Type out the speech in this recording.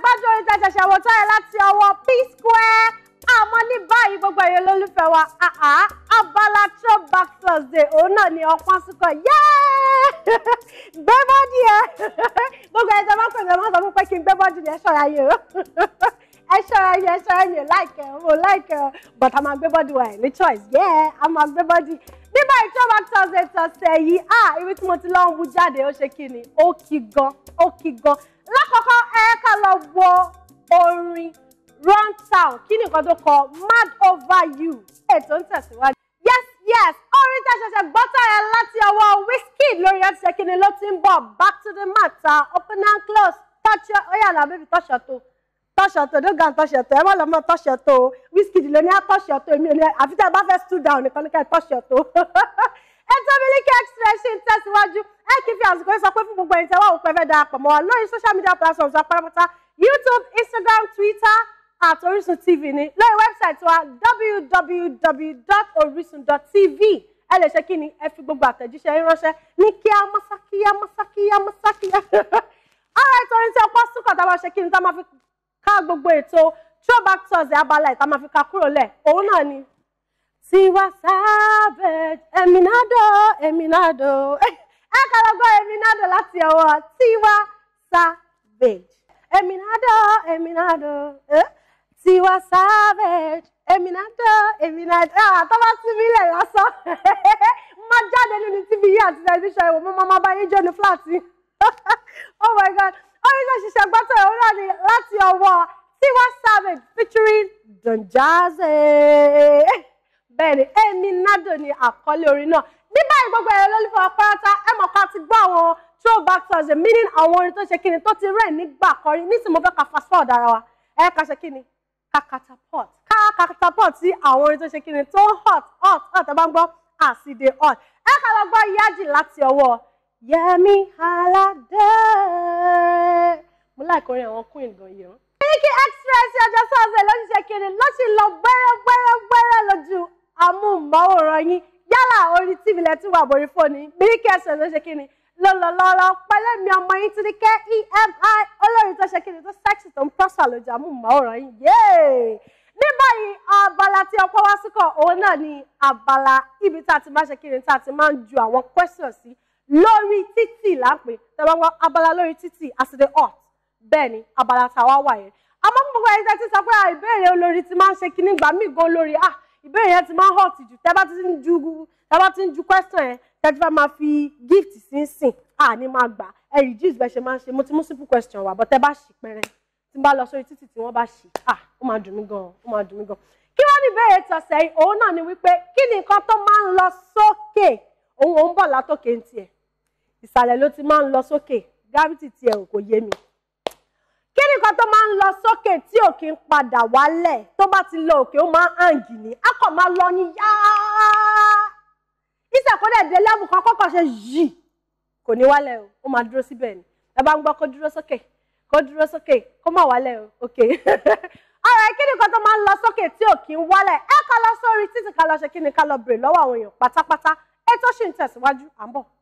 gbádùn orin tẹ̀sẹ̀ ṣẹ̀wọ̀ tó yẹ láti ọwọ́ p square àmọ́ ní báyìí gbogbo ẹ̀yẹ lólùfẹ́ wa abala throwback thursday òun náà ni ọpọ́n sùkọ̀ yẹ́ẹ́ gbẹ́bọ́dì ẹ̀ gbogbo ẹ̀yẹ tó bá pè mí ọmọ sọ fún pé kí n gbẹ́bọ́dì ẹ̀ ṣọ́ra yìí o ẹ ṣọ́ra yìí ẹ ṣọ́ra yìí láìkẹ́ o láìkẹ́ o but a máa gbẹ́bọ́dì wa ẹ̀ ní choice yẹ́ẹ́ a máa gbẹ́bọ́dì ní báyìí throwback thursday thursday yìí ibi tí mo ti lọ́ọ́ wú jáde ó ṣe kí ni ó kí gan ó kí gan lákọ̀ọ́kọ́ lọ wọ orin run town kí ni nǹkan tó kọ mad over you ètò ń tẹ̀síwájú. yes yes orin tẹ́ ṣẹ̀ṣẹ̀ gbọ́ tọ̀rẹ́ láti ọwọ́ Wizkid lórí ẹ̀ ti ṣe kíni ló ti ń bọ̀ back to the matter open and close touch your oya na baby touch your toe touch your toe don't go and touch your toe ẹ má lọ mọ touch your toe Wizkid ló ní á ah, touch your toe èmi ò ní àfi tẹ́ ẹ bá fẹ́ stool down nìkan ní ká ẹ touch your toe. ètò Miliki Express ṣì ń tẹ̀síwájú ẹ kì í fi àsìkò sọ pé fún gbogbo ẹ̀yin tẹ́wọ́ òpẹ́ fẹ́ darapọ̀ mọ́ wa lórí social media platforms apárápátá YouTube Instagram Twitter at Orisun TV ni lórí wẹ́bsáìtì wa www.orisun.tv ẹ lè ṣe kí ni ẹ fi gbogbo àtẹ̀jíṣẹ́ ránṣẹ́ ní kíá mọ́sákíá mọ́sákíá mọ́sákíá ara ìtọ́rin tí ọpọ́ sùkọ̀ tá a máa ṣe kí ni tá a máa fi ká gbogbo ètò throwback thursday abala ìta máa fi ká kúrò lẹ̀ òun náà ni Tiwa Savage Eminado Eminado eh, ẹ kàlọ́ go Eminado láti ọwọ́ Tiwa Savage Eminado Eminado Tiwa eh, Savage Eminado Eminado àtọ́wá ah, síbi ilẹ̀ lásán má jáde nínú tv yìí àti tẹlifíṣàn ìwò mo máa bá yín jẹ́ ní fúláàtì oh my god orin náà ṣiṣẹ́ gbọ́tọ̀ ìwọ́n náà ni láti ọwọ́ Tiwa Savage featuring Don Jazzy bẹ́ẹ̀ ni ẹni nádò ni àkọlé orin náà bí báyìí gbogbo ẹ̀rọ lólùfẹ́ apáráta ẹ mọ̀ pa ti gbọ́ àwọn throwback songs meaning àwọn orin tó ṣe kíni tó ti rẹ̀ nígbà kọrí nísìnyí mo fẹ́ ka fast forward ara wa ẹ ká ṣe kíni ká catapult ká catapult sí àwọn orin tó ṣe kíni tó hot hot hot ẹ bá ń gbọ́ àsìdè e hot ẹ ká lọ gbọ́ yájì láti ọwọ́ Yẹmi Aládé mo láì kọrin àwọn queen gan yìí. Miliki Express ọjọ́ sọ́ọ̀sẹ̀ ló ń ṣe kíni ló sì lọ amóhùnmáwòrán yín yálà orí tv lẹ ti wà borí fóònù Miliki Express ló ṣe kí ni lọ́lọ́lọ́lọ́ pẹ̀lẹ́ mi ọmọ yín ti ní kẹ́ EMI olórin tó ṣe kí ni tó sẹ́ẹ̀sì tó ń pọ́sà lójú amóhùnmáwòrán yín yéè ní báyìí abala tí ọpọ wá síkọ òun náà ni abala ibi tá a ti máa ṣe kí ni tá a ti máa ń ju àwọn question sí lórí títì lápè tẹ̀wọ́n abala lórí títì àsìdè hot bẹ́ẹ̀ ni abala tàwa wà yẹn àmọ́ gbogbo ẹ̀yin tẹ́tí sọ pé ìbéèrè olórí ti máa ń ṣe kíní gbà lórí ah ìbéèrè yẹn ti máa ń hot jù tẹ́ bá ti ń ju tẹ́ ti ń ju question yẹn tẹ́ ti máa fi gift sí ń sìn à ní máa gbà ẹ reduce bẹ́ẹ̀ ṣe máa ń ṣe mo ti mú simple question wá bọ́ tẹ́ bá ṣì pẹrẹ tí n bá lọ sórí títì tí wọ́n bá ṣì à ó máa dùn mí gan ó máa dùn mí gan. kí wọ́n ní ìbéèrè tọ̀sẹ̀ yìí òun náà ni wípé kí ni nǹkan tó máa ń lọ sókè òun òun bọ̀ látòkè ń tiẹ̀ ìsàlẹ̀ ló ti máa ń lọ sókè gravity tiẹ̀ kò yé mi kí nìkan tó máa ń lọ sókè tí ò ń padà wálẹ̀ tó bá ti lọ òkè ó máa ń hàngì ní a kàn máa lọ ní yáá ìṣàkódẹ̀ dé lẹ́bù kan kọ́kọ́ ṣe yìí kò ní wálẹ̀ o ó máa dúró síbẹ̀ ni ẹ bá ń gbọ́ kó dúró sókè kó dúró sókè kó má wálẹ̀ o òkè ọ̀rọ̀ kí nìkan tó máa ń lọ sókè tí ò kí ń wálẹ̀ ẹ ká lọ sórí títí ká lọ ṣe kí ni ká lọ bèrè lọ́wọ́ àwọn èèyàn pátápátá ètò ṣì ń tẹ̀síwájú à ń bọ̀.